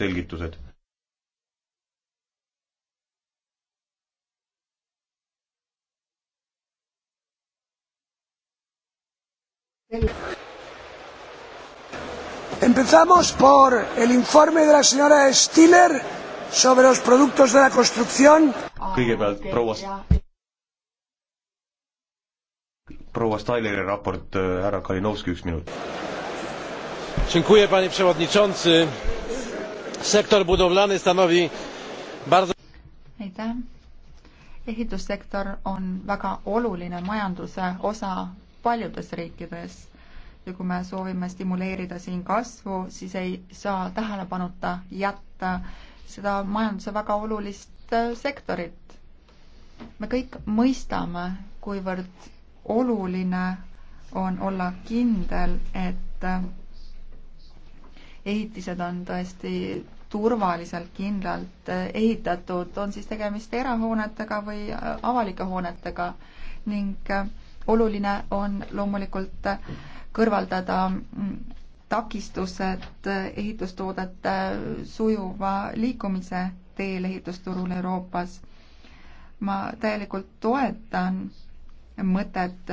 selgitused. Empezamos por el informe de la señora Stiller sobre los productos de la construcción. kõigepealt ah, proua, proua Styleri raport, äh, härra Kalinovski, üks minut. Dziękuję panie przewodniczący sektor budowlany stanowi bardzo aitäh! ehitussektor on väga oluline majanduse osa paljudes riikides ja kui me soovime stimuleerida siin kasvu, siis ei saa tähelepanuta jätta seda majanduse väga olulist äh, sektorit. me kõik mõistame, kuivõrd oluline on olla kindel, et äh, ehitised on tõesti turvaliselt, kindlalt äh, ehitatud, on siis tegemist erahoonetega või äh, avalike hoonetega ning äh, oluline on loomulikult kõrvaldada mm, takistused ehitustoodete sujuva liikumise teel ehitusturul Euroopas. ma täielikult toetan mõtet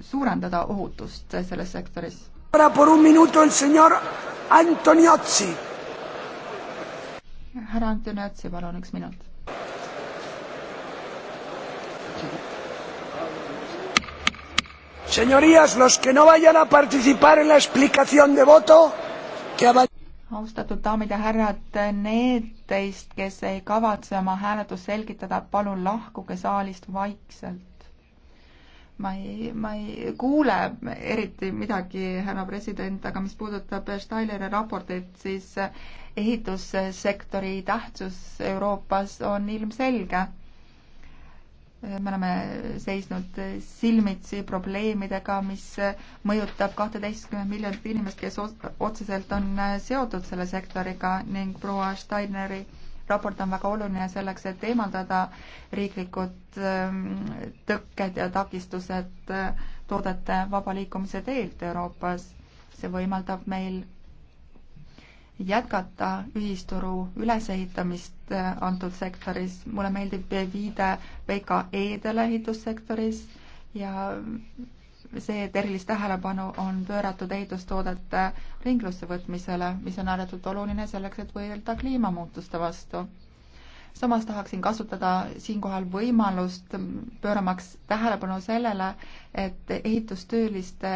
suurendada ohutust selles sektoris Ahora por un minuto el señor Antoniozzi. härra Antoniozzi, palun üks minut. Señorías, los que no vayan a participar en la explicación de voto, que austatud daamid ja härrad, need teist, kes ei kavatse oma hääletust selgitada, palun lahkuge saalist vaikselt ma ei, ma ei kuule eriti midagi, härra president, aga mis puudutab Steineri raportit, siis ehitussektori tähtsus Euroopas on ilmselge. me oleme seisnud silmitsi probleemidega, mis mõjutab kahteteistkümmet miljonit inimest, kes otseselt on seotud selle sektoriga ning proua Steineri raport on väga oluline selleks, et eemaldada riiklikud ähm, tõkked ja takistused äh, toodete vaba liikumise teelt Euroopas. see võimaldab meil jätkata ühisturu ülesehitamist äh, antud sektoris. mulle meeldib viide VKE-dele ehitussektoris ja see, et erilist tähelepanu on pööratud ehitustoodete ringlusse võtmisele, mis on ääretult oluline selleks, et võidelda kliimamuutuste vastu. samas tahaksin kasutada siinkohal võimalust pööramaks tähelepanu sellele, et ehitustööliste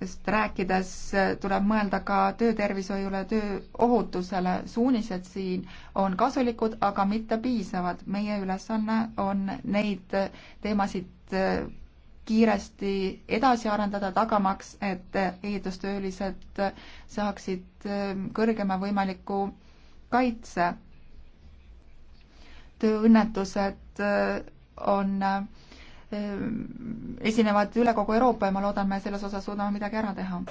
sest rääkides tuleb mõelda ka töötervishoiule, tööohutusele, suunised siin on kasulikud, aga mitte piisavad. meie ülesanne on neid teemasid kiiresti edasi arendada, tagamaks, et ehitustöölised saaksid ehm, kõrgema võimaliku kaitse. tööõnnetused eh, on, ehm, esinevad üle kogu Euroopa ja ma loodan, me selles osas suudame midagi ära teha.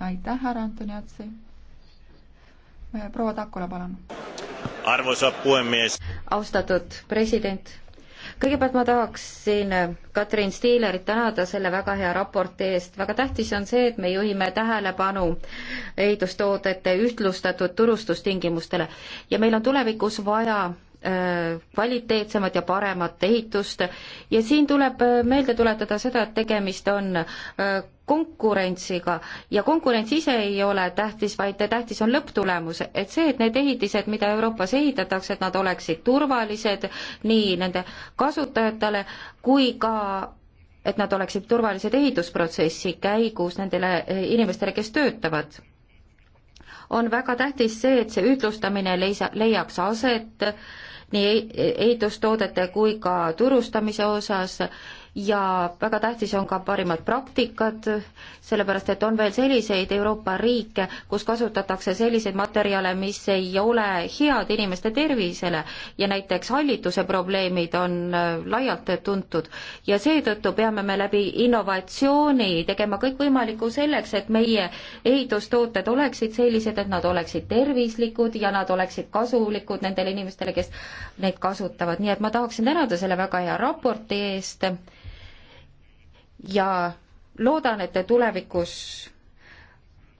aitäh, härra Antoni Otsi. proua Takula, palun. arvoisa puhemees. austatud president kõigepealt ma tahaksin Katrin Stiilerit tänada selle väga hea raporti eest. väga tähtis on see, et me juhime tähelepanu ehitustoodete ühtlustatud turustustingimustele ja meil on tulevikus vaja äh, kvaliteetsemat ja paremat ehitust ja siin tuleb meelde tuletada seda, et tegemist on äh, konkurentsiga ja konkurents ise ei ole tähtis, vaid tähtis on lõpptulemus, et see, et need ehitised, mida Euroopas ehitatakse, et nad oleksid turvalised nii nende kasutajatele kui ka et nad oleksid turvalised ehitusprotsessi käigus nendele eh, inimestele, kes töötavad. on väga tähtis see, et see ühtlustamine leisa, leiaks aset nii e-, ehitustoodete kui ka turustamise osas ja väga tähtis on ka parimad praktikad, sellepärast et on veel selliseid Euroopa riike, kus kasutatakse selliseid materjale, mis ei ole head inimeste tervisele ja näiteks hallituse probleemid on äh, laialt tuntud. ja seetõttu peame me läbi innovatsiooni tegema kõikvõimalikku selleks, et meie ehitustooted oleksid sellised, et nad oleksid tervislikud ja nad oleksid kasulikud nendele inimestele, kes neid kasutavad, nii et ma tahaksin tänada selle väga hea raporti eest, ja loodan, et tulevikus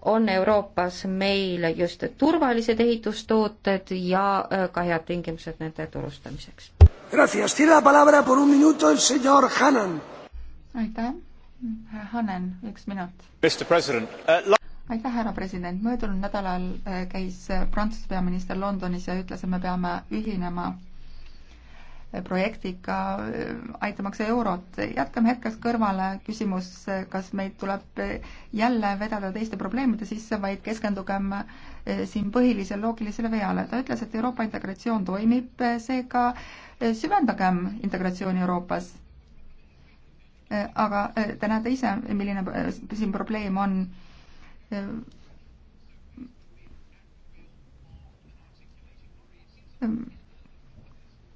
on Euroopas meil just turvalised ehitustooted ja äh, ka head tingimused nende turustamiseks. aitäh, Hanen, üks minut uh, aitäh, härra president, möödunud nädalal äh, käis äh, Prantsuse peaminister Londonis ja ütles, et me peame ühinema projektiga äh, aitamaks eurot. jätkame hetkeks kõrvale küsimus, kas meid tuleb jälle vedada teiste probleemide sisse, vaid keskendugem äh, siin põhilisele loogilisele veale. ta ütles, et Euroopa integratsioon toimib, äh, seega süvendagem integratsiooni Euroopas. aga te näete ise, milline siin probleem on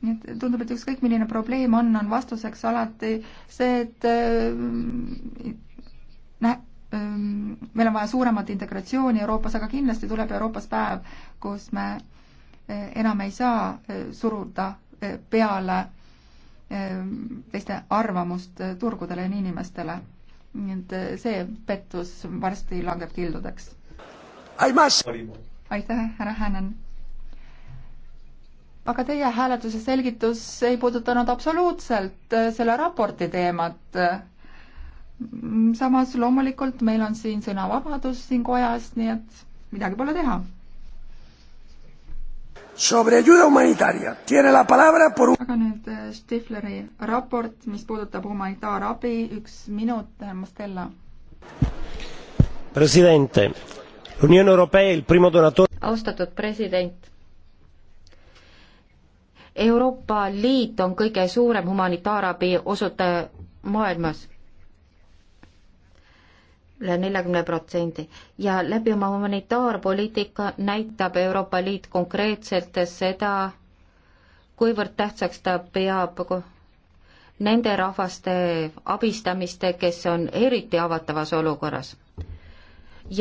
nii et tundub, et ükskõik, milline probleem on, on vastuseks alati see, et äh, meil on vaja suuremat integratsiooni Euroopas, aga kindlasti tuleb Euroopas päev, kus me äh, enam ei saa äh, suruda äh, peale ähm, teiste arvamust turgudele ja inimestele. nii et see pettus varsti langeb kildudeks. aitäh, härra Hänen! aga teie hääletuse selgitus ei puudutanud absoluutselt äh, selle raporti teemat. Mm, samas loomulikult meil on siin sõnavabadus siin kojas, nii et midagi pole teha. aga nüüd äh, Stifleri raport, mis puudutab humanitaarabi, üks minut, äh, Mastella. president, Union Europea il primo donatore. austatud president Euroopa Liit on kõige suurem humanitaarabi osutaja maailmas üle neljakümne protsendi ja läbi oma humanitaarpoliitika näitab Euroopa Liit konkreetselt seda, kuivõrd tähtsaks ta peab nende rahvaste abistamist, kes on eriti haavatavas olukorras.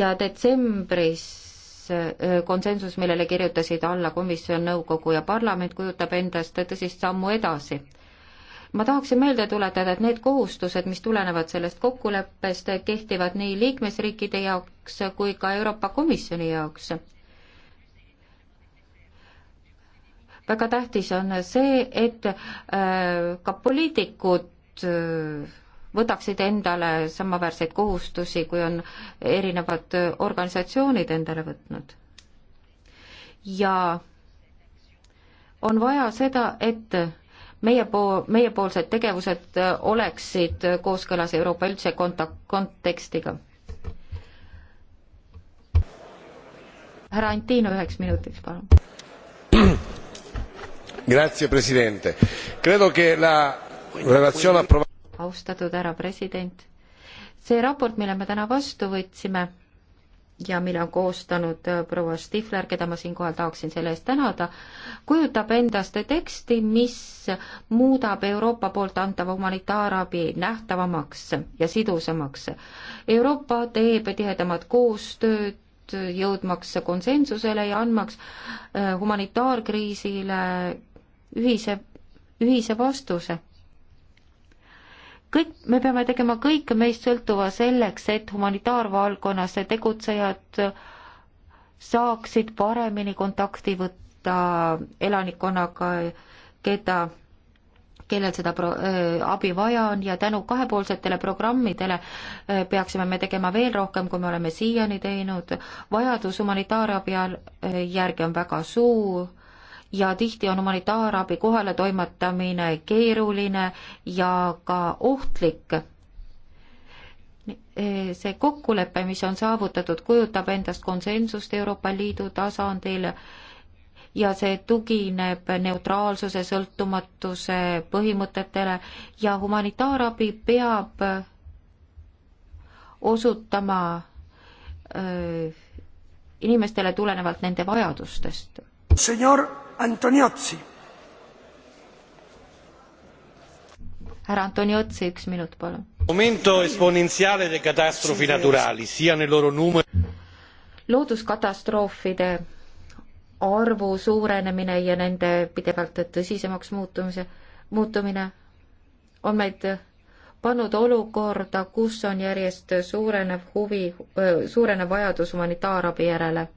ja detsembris Äh, konsensus, millele kirjutasid alla komisjon, nõukogu ja parlament, kujutab endast tõsist sammu edasi. ma tahaksin meelde tuletada, et need kohustused, mis tulenevad sellest kokkuleppest, kehtivad nii liikmesriikide jaoks kui ka Euroopa Komisjoni jaoks. väga tähtis on see, et äh, ka poliitikud äh, võtaksid endale samaväärseid kohustusi, kui on erinevad organisatsioonid endale võtnud. ja on vaja seda, et meie po-, meiepoolsed tegevused oleksid kooskõlas Euroopa üldse kontak-, kontekstiga. härra Antino üheks minutiks, palun signor presidente onorevoli colleghi credo che la relazione approvata austatud härra president. see raport, mille me täna vastu võtsime ja mille on koostanud äh, proua Stifler, keda ma siinkohal tahaksin selle eest tänada, kujutab endast teksti, mis muudab Euroopa poolt antava humanitaarabi nähtavamaks ja sidusamaks. Euroopa teeb tihedamat koostööd äh, jõudmaks konsensusele ja andmaks äh, humanitaarkriisile ühise, ühise vastuse kõik, me peame tegema kõike meist sõltuva selleks, et humanitaarvaldkonnas tegutsejad saaksid paremini kontakti võtta elanikkonnaga, keda, kellel seda pro-, äh, abi vaja on ja tänu kahepoolsetele programmidele äh, peaksime me tegema veel rohkem, kui me oleme siiani teinud. vajadus humanitaarabi äh, järgi on väga suur ja tihti on humanitaarabi kohaletoimetamine keeruline ja ka ohtlik. see kokkulepe, mis on saavutatud, kujutab endast konsensust Euroopa Liidu tasandil ja see tugineb neutraalsuse, sõltumatuse põhimõtetele ja humanitaarabi peab osutama öö, äh, inimestele tulenevalt nende vajadustest. Senor Antoniotsi. härra Antoniotsi, üks minut, palun. Momento esponenziale de catastrofi naturali, sia nel loro numero. looduskatastroofide arvu suurenemine ja nende pidevalt tõsisemaks muutumise, muutumine on meid pannud olukorda, kus on järjest suurenev huvi, suurenev vajadus humanitaarabi järele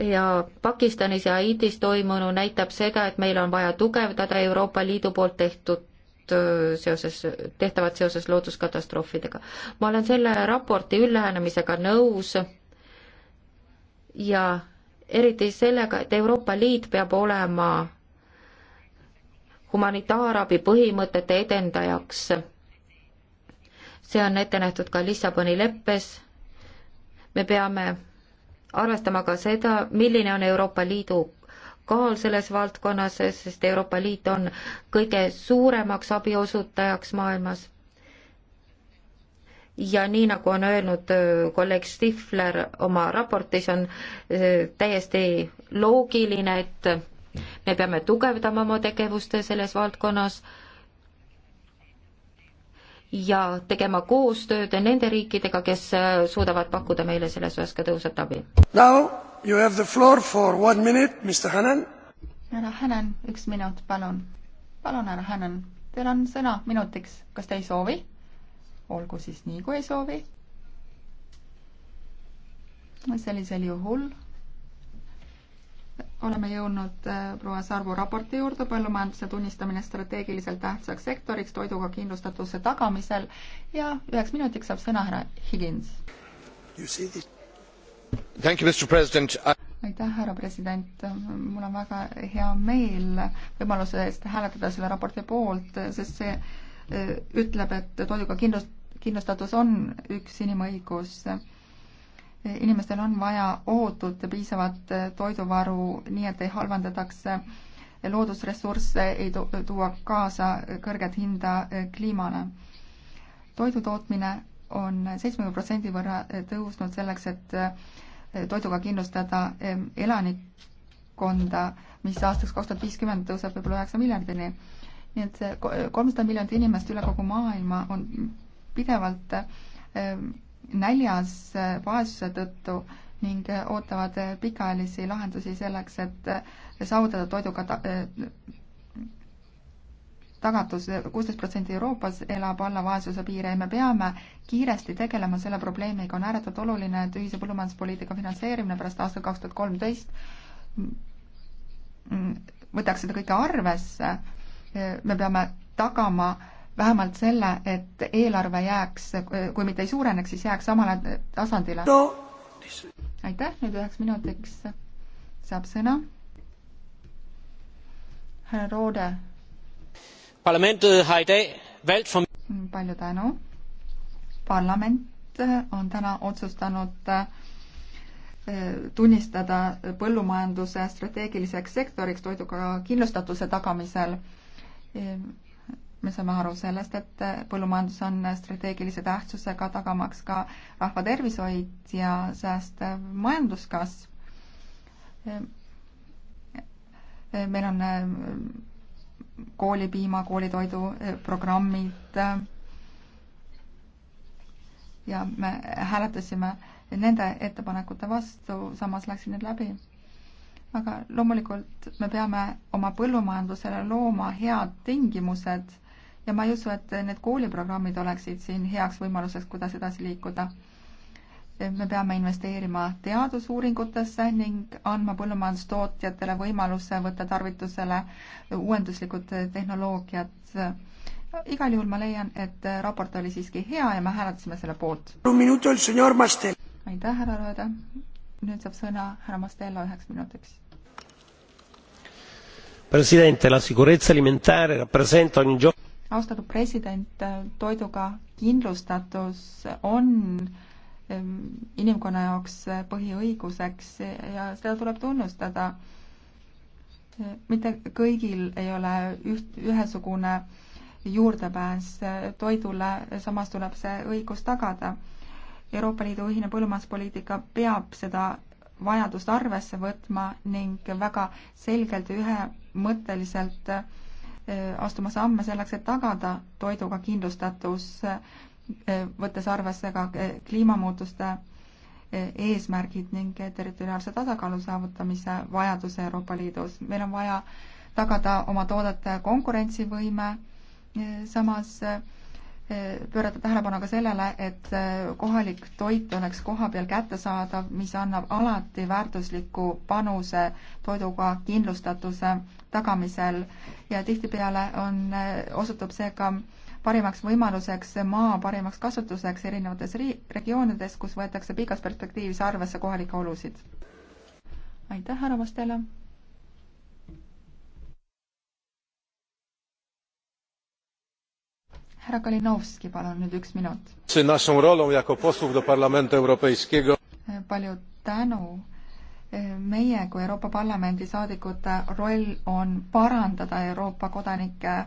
ja Pakistanis ja Haitis toimunu näitab seda, et meil on vaja tugevdada Euroopa Liidu poolt tehtud seoses, tehtavat seoses looduskatastroofidega. ma olen selle raporti ülläänemisega nõus ja eriti sellega, et Euroopa Liit peab olema humanitaarabi põhimõtete edendajaks. see on ette nähtud ka Lissaboni leppes. me peame arvestama ka seda, milline on Euroopa Liidu kaal selles valdkonnas, sest Euroopa Liit on kõige suuremaks abiosutajaks maailmas. ja nii, nagu on öelnud äh, kolleeg Stifler oma raportis, on äh, täiesti loogiline, et me peame tugevdama oma tegevust selles valdkonnas ja tegema koostööd nende riikidega, kes äh, suudavad pakkuda meile selles osas ka tõhusat abi. härra Hänen, üks minut, palun. palun, härra Hänen, teil on sõna minutiks, kas te ei soovi? olgu siis nii, kui ei soovi. sellisel juhul oleme jõudnud äh, proua Sarvu raporti juurde põllumajanduse tunnistamine strateegiliselt tähtsaks sektoriks toiduga kindlustatuse tagamisel ja üheks minutiks saab sõna härra Higins. aitäh, härra president, mul on väga hea meel võimaluse eest hääletada selle raporti poolt, sest see äh, ütleb, et toiduga kindlust-, kindlustatus on üks inimõigus inimestel on vaja ootut piisavat eh, toiduvaru, nii et ei halvendataks loodusressursse, ei tuua kaasa eh, kõrget hinda eh, kliimale. toidu tootmine on seitsmekümne protsendi võrra tõusnud selleks, et toiduga kindlustada elanikkonda, mis aastaks kaks tuhat viiskümmend tõuseb võib-olla üheksa miljardini. nii et see kolmsada miljonit inimest üle kogu maailma on pidevalt näljas äh, vaesuse tõttu ning äh, ootavad äh, pikaajalisi lahendusi selleks, et saavutada toiduga ta tagatus, kuusteist protsenti Euroopas elab alla vaesuse piire ja me peame kiiresti tegelema selle probleemiga, on ääretult oluline, et ühise põllumajanduspoliitika finantseerimine pärast aastat kaks tuhat kolmteist mm, mm, võtaks seda kõike arvesse, me peame tagama vähemalt selle, et eelarve jääks, kui mitte ei suureneks, siis jääks samale tasandile no.. aitäh, nüüd üheks minutiks saab sõna härra Roode. parlamentet har i dag valgt for... palju tänu. parlament on täna otsustanud äh, tunnistada põllumajanduse strateegiliseks sektoriks toiduga kindlustatuse tagamisel äh, me saame aru sellest, et põllumajandus on strateegilise tähtsusega, tagamaks ka rahva tervishoid ja säästev majanduskasv. meil on eh, koolipiima, koolitoidu eh, programmid eh, ja me hääletasime nende ettepanekute vastu, samas läksid need läbi aga loomulikult me peame oma põllumajandusele looma head tingimused ja ma ei usu, et need kooliprogrammid oleksid siin heaks võimaluseks, kuidas edasi liikuda. me peame investeerima teadusuuringutesse ning andma põllumajandustootjatele võimaluse võtta tarvitusele uuenduslikud tehnoloogiad. igal juhul ma leian, et raport oli siiski hea ja me hääletasime selle poolt. aitäh, härra Rõõda. nüüd saab sõna härra Mastello üheks minutiks presidente la sicurezza alimentare rappresenta ogni giorno austatud president, toiduga kindlustatus on ehm, inimkonna jaoks põhiõiguseks ja seda tuleb tunnustada. mitte kõigil ei ole üht, ühesugune juurdepääs toidule, samas tuleb see õigus tagada. Euroopa Liidu ühine põllumajanduspoliitika peab seda vajadust arvesse võtma ning väga selgelt ja ühemõtteliselt äh, Äh, astuma samme selleks, et tagada toiduga kindlustatus, äh, võttes arvesse ka äh, kliimamuutuste eesmärgid ning territoriaalse tasakaalu saavutamise vajaduse Euroopa Liidus. meil on vaja tagada oma toodete konkurentsivõime, samas pöörata tähelepanu ka sellele, et äh, kohalik toit oleks kohapeal kättesaadav, mis annab alati väärtusliku panuse toiduga kindlustatuse tagamisel ja tihtipeale on, äh, osutub see ka parimaks võimaluseks maa parimaks kasutuseks erinevates ri-, regioonides, kus võetakse pikas perspektiivis arvesse kohalikke olusid. aitäh, härra Mastela! härra Kalinovski, palun nüüd üks minut. palju tänu. meie kui Euroopa Parlamendi saadikute roll on parandada Euroopa kodanike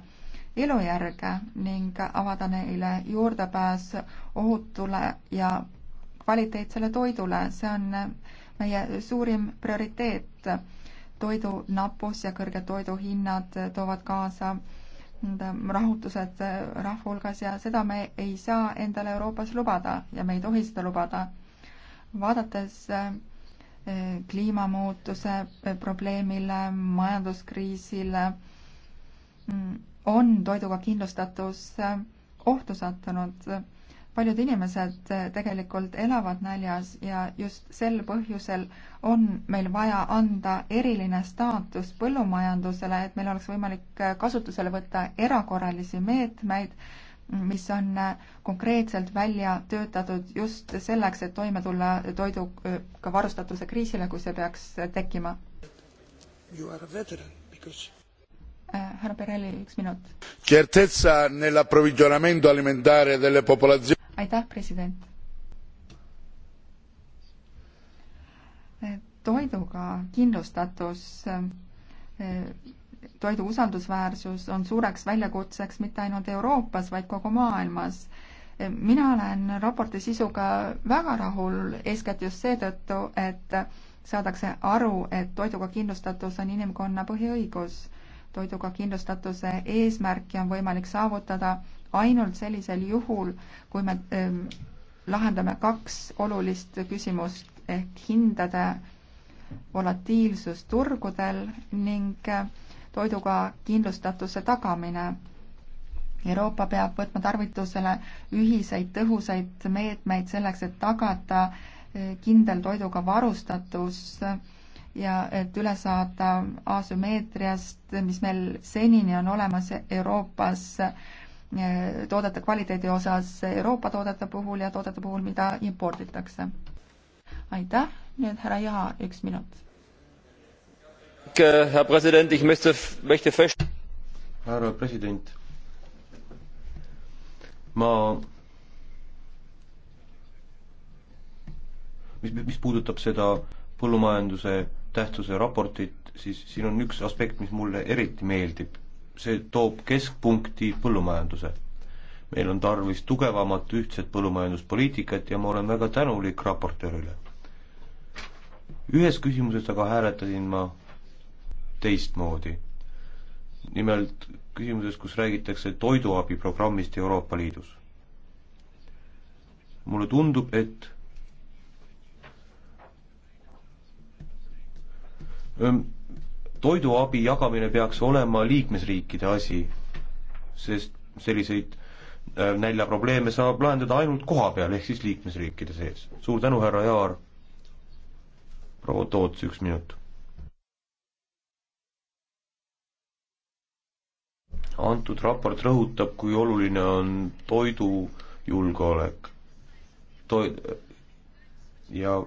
elujärge ning avada neile juurdepääs ohutule ja kvaliteetsele toidule, see on meie suurim prioriteet. toidu nappus ja kõrged toiduhinnad toovad kaasa rahutused äh, rahva hulgas ja seda me ei saa endale Euroopas lubada ja me ei tohi seda lubada. vaadates äh, kliimamuutuse äh, probleemile, majanduskriisile, mm, on toiduga kindlustatus ohtu sattunud paljud inimesed eh, tegelikult elavad näljas ja just sel põhjusel on meil vaja anda eriline staatus põllumajandusele, et meil oleks võimalik eh, kasutusele võtta erakorralisi meetmeid, mis on eh, konkreetselt välja töötatud just selleks, et toime tulla toiduga varustatuse kriisile, kui see peaks tekkima. You are a veteran because härra Perelli, üks minut. Certezza nell'approvvigionamento alimentare delle popolazioni aitäh, president. toiduga kindlustatus, toidu usaldusväärsus on suureks väljakutseks mitte ainult Euroopas, vaid kogu maailmas mina olen raporti sisuga väga rahul, eeskätt just seetõttu, et saadakse aru, et toiduga kindlustatus on inimkonna põhiõigus. toiduga kindlustatuse eesmärki on võimalik saavutada ainult sellisel juhul, kui me ähm, lahendame kaks olulist küsimust ehk hindade volatiilsus turgudel ning äh, toiduga kindlustatuse tagamine. Euroopa peab võtma tarvitusele ühiseid tõhusaid meetmeid selleks, et tagada äh, kindel toiduga varustatus ja et üle saada asümmeetriast, mis meil senini on olemas Euroopas Äh, toodete kvaliteedi osas Euroopa toodete puhul ja toodete puhul, mida imporditakse. aitäh, nüüd härra Jaha, üks minut. Äh, härra president, ma mis, mis puudutab seda põllumajanduse tähtsuse raportit, siis siin on üks aspekt, mis mulle eriti meeldib see toob keskpunkti põllumajanduse. meil on tarvis tugevamat ühtset põllumajanduspoliitikat ja ma olen väga tänulik raportöörile. ühes küsimuses aga hääletasin ma teistmoodi. nimelt küsimuses, kus räägitakse toiduabiprogrammist Euroopa Liidus. mulle tundub, et toiduabi jagamine peaks olema liikmesriikide asi, sest selliseid äh, näljaprobleeme saab lahendada ainult koha peal, ehk siis liikmesriikide sees. suur tänu, härra Jaar. proua Toots, üks minut. antud raport rõhutab, kui oluline on toidujulgeolek. Toi- ja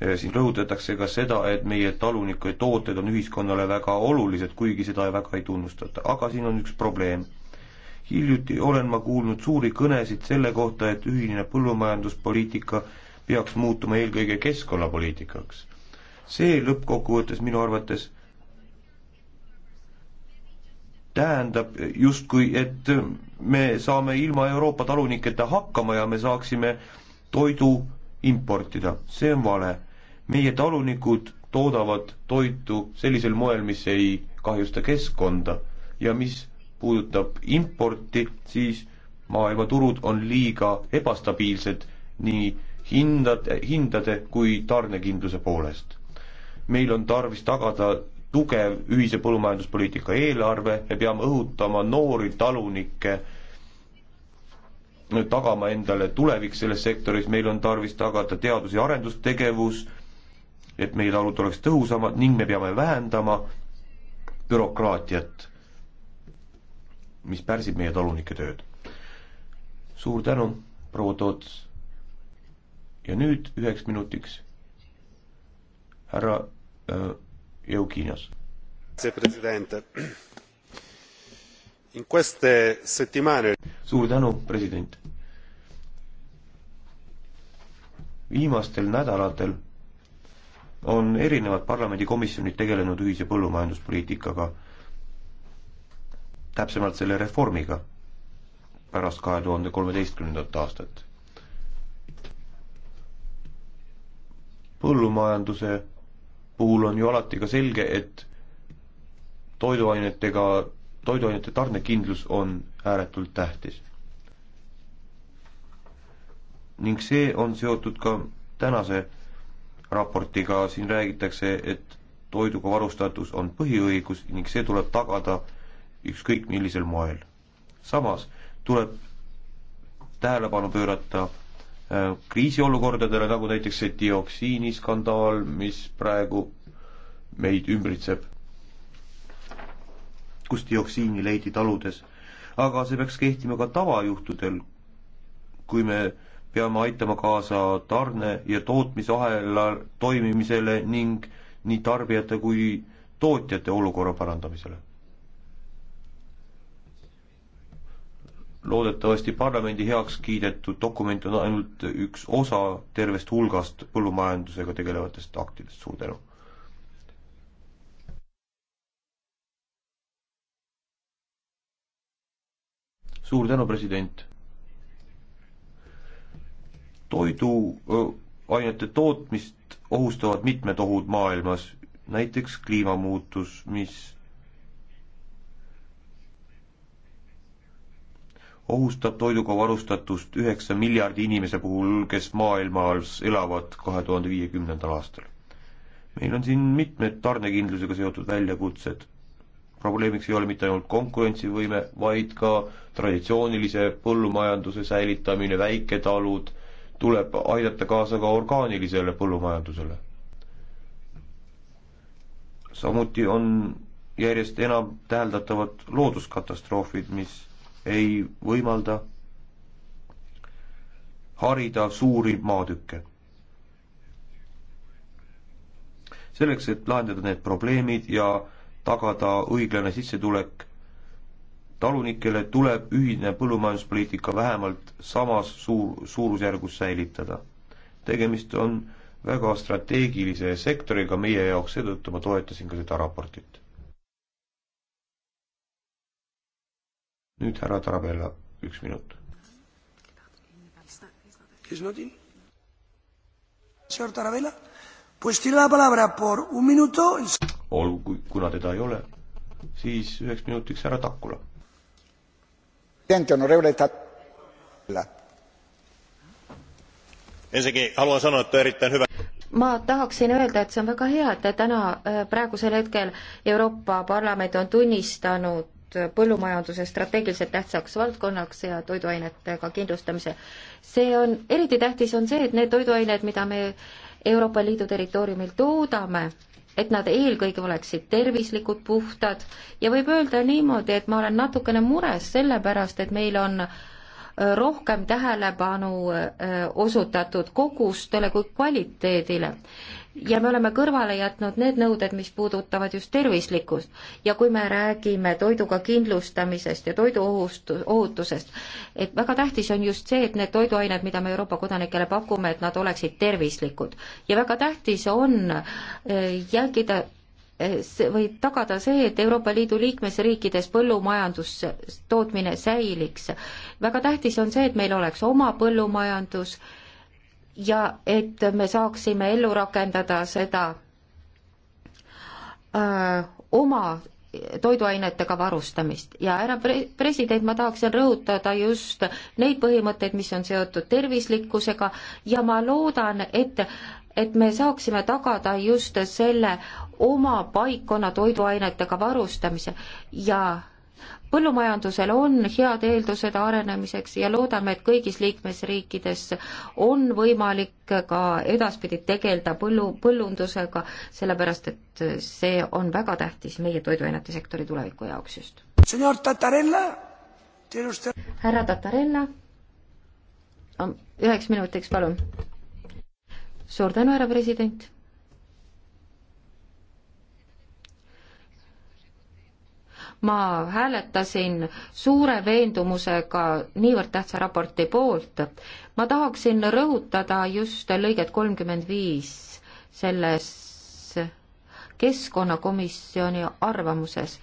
Eh, siin rõhutatakse ka seda, et meie talunike tooted on ühiskonnale väga olulised, kuigi seda väga ei tunnustata, aga siin on üks probleem. hiljuti olen ma kuulnud suuri kõnesid selle kohta, et ühine põllumajanduspoliitika peaks muutuma eelkõige keskkonnapoliitikaks. see lõppkokkuvõttes minu arvates tähendab justkui, et me saame ilma Euroopa taluniketa hakkama ja me saaksime toidu importida, see on vale meie talunikud toodavad toitu sellisel moel, mis ei kahjusta keskkonda ja mis puudutab importi, siis maailmaturud on liiga ebastabiilsed nii hindade, hindade kui tarnekindluse poolest. meil on tarvis tagada tugev ühise põllumajanduspoliitika eelarve, me peame õhutama noori talunikke, tagama endale tulevik selles sektoris, meil on tarvis tagada teadus- ja arendustegevus, et meie talud oleks tõhusamad ning me peame vähendama bürokraatiat, mis pärsib meie talunike tööd. suur tänu, proua Toots. ja nüüd üheks minutiks härra äh, Euginas. suur tänu, president. viimastel nädalatel on erinevad parlamendikomisjonid tegelenud ühise põllumajanduspoliitikaga, täpsemalt selle reformiga pärast kahe tuhande kolmeteistkümnendat aastat. põllumajanduse puhul on ju alati ka selge, et toiduainetega, toiduainete tarnekindlus on ääretult tähtis. ning see on seotud ka tänase raportiga, siin räägitakse, et toiduga varustatus on põhiõigus ning see tuleb tagada ükskõik millisel moel. samas tuleb tähelepanu pöörata äh, kriisiolukordadele, nagu näiteks see dioksiiniskandaal, mis praegu meid ümbritseb, kus dioksiini leiti taludes, aga see peaks kehtima ka tavajuhtudel, kui me peame aitama kaasa tarne- ja tootmisahela toimimisele ning nii tarbijate kui tootjate olukorra parandamisele. loodetavasti parlamendi heaks kiidetud dokument on ainult üks osa tervest hulgast põllumajandusega tegelevatest aktidest, suur tänu. suur tänu, president toiduainete tootmist ohustavad mitmed ohud maailmas, näiteks kliimamuutus, mis ohustab toiduga varustatust üheksa miljardi inimese puhul, kes maailmas elavad kahe tuhande viiekümnendal aastal. meil on siin mitmed tarnekindlusega seotud väljakutsed. probleemiks ei ole mitte ainult konkurentsivõime, vaid ka traditsioonilise põllumajanduse säilitamine, väiketalud, tuleb aidata kaasa ka orgaanilisele põllumajandusele. samuti on järjest enam täheldatavad looduskatastroofid, mis ei võimalda harida suuri maatükke. selleks, et lahendada need probleemid ja tagada õiglane sissetulek talunikele tuleb ühine põllumajanduspoliitika vähemalt samas suur, suurusjärgus säilitada. tegemist on väga strateegilise sektoriga meie jaoks, seetõttu ma toetasin ka seda raportit. nüüd härra Tarabella, üks minut. olgu, kuna teda ei ole, siis üheks minutiks härra Takula presidente onorevole tarabella. ensinnäkin haluan sanoa että on erittäin hyvä ma tahaksin öelda, et see on väga hea, et täna äh, praegusel hetkel Euroopa Parlament on tunnistanud äh, põllumajanduse strateegiliselt tähtsaks valdkonnaks ja toiduainetega kindlustamise. see on, eriti tähtis on see, et need toiduained, mida me Euroopa Liidu territooriumil toodame, et nad eelkõige oleksid tervislikud, puhtad ja võib öelda niimoodi, et ma olen natukene mures sellepärast, et meil on äh, rohkem tähelepanu äh, osutatud kogustele kui kvaliteedile ja me oleme kõrvale jätnud need nõuded, mis puudutavad just tervislikkust. ja kui me räägime toiduga kindlustamisest ja toiduohust, ohutusest, et väga tähtis on just see, et need toiduained, mida me Euroopa kodanikele pakume, et nad oleksid tervislikud. ja väga tähtis on eh, jälgida eh, või tagada see, et Euroopa Liidu liikmesriikides põllumajandustootmine säiliks. väga tähtis on see, et meil oleks oma põllumajandus, ja et me saaksime ellu rakendada seda öö, äh, oma toiduainetega varustamist ja härra pre-, president, ma tahaksin rõhutada just neid põhimõtteid, mis on seotud tervislikkusega ja ma loodan, et et me saaksime tagada just selle oma paikkonna toiduainetega varustamise ja põllumajandusel on head eeldused arenemiseks ja loodame, et kõigis liikmesriikides on võimalik ka edaspidi tegeleda põllu, põllundusega, sellepärast et see on väga tähtis meie toiduainete sektori tuleviku jaoks just. härra Tatarella, um, üheks minutiks, palun. suur tänu, härra president ma hääletasin suure veendumusega niivõrd tähtsa raporti poolt. ma tahaksin rõhutada just lõiget kolmkümmend viis selles keskkonnakomisjoni arvamuses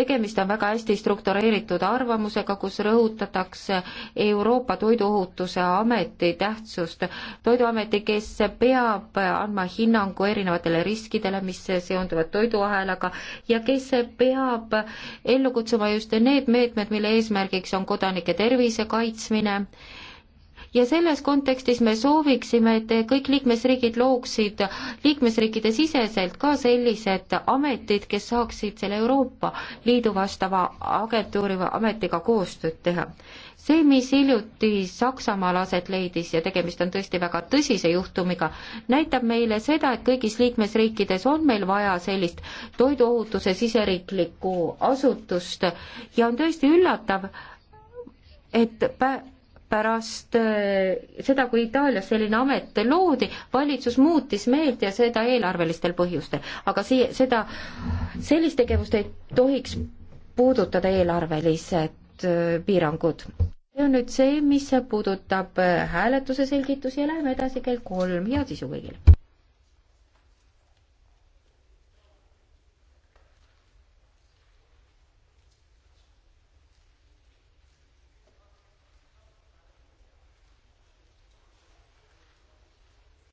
tegemist on väga hästi struktureeritud arvamusega, kus rõhutatakse Euroopa Toiduohutuse Ameti tähtsust. toiduameti, kes peab andma hinnangu erinevatele riskidele, mis seonduvad toiduahelaga ja kes peab ellu kutsuma just need meetmed, mille eesmärgiks on kodanike tervise kaitsmine ja selles kontekstis me sooviksime, et kõik liikmesriigid looksid liikmesriikide siseselt ka sellised ametid, kes saaksid selle Euroopa Liidu vastava agentuuri või ametiga koostööd teha see, mis hiljuti Saksamaal aset leidis ja tegemist on tõesti väga tõsise juhtumiga, näitab meile seda, et kõigis liikmesriikides on meil vaja sellist toiduohutuse siseriiklikku asutust ja on tõesti üllatav et, et pärast äh, seda, kui Itaalias selline amet loodi, valitsus muutis meelt ja seda eelarvelistel põhjustel. aga siia, seda, sellist tegevust ei tohiks puudutada eelarvelised äh, piirangud. see on nüüd see, mis puudutab äh, hääletuse selgitusi ja läheme edasi kell kolm, head isu kõigile!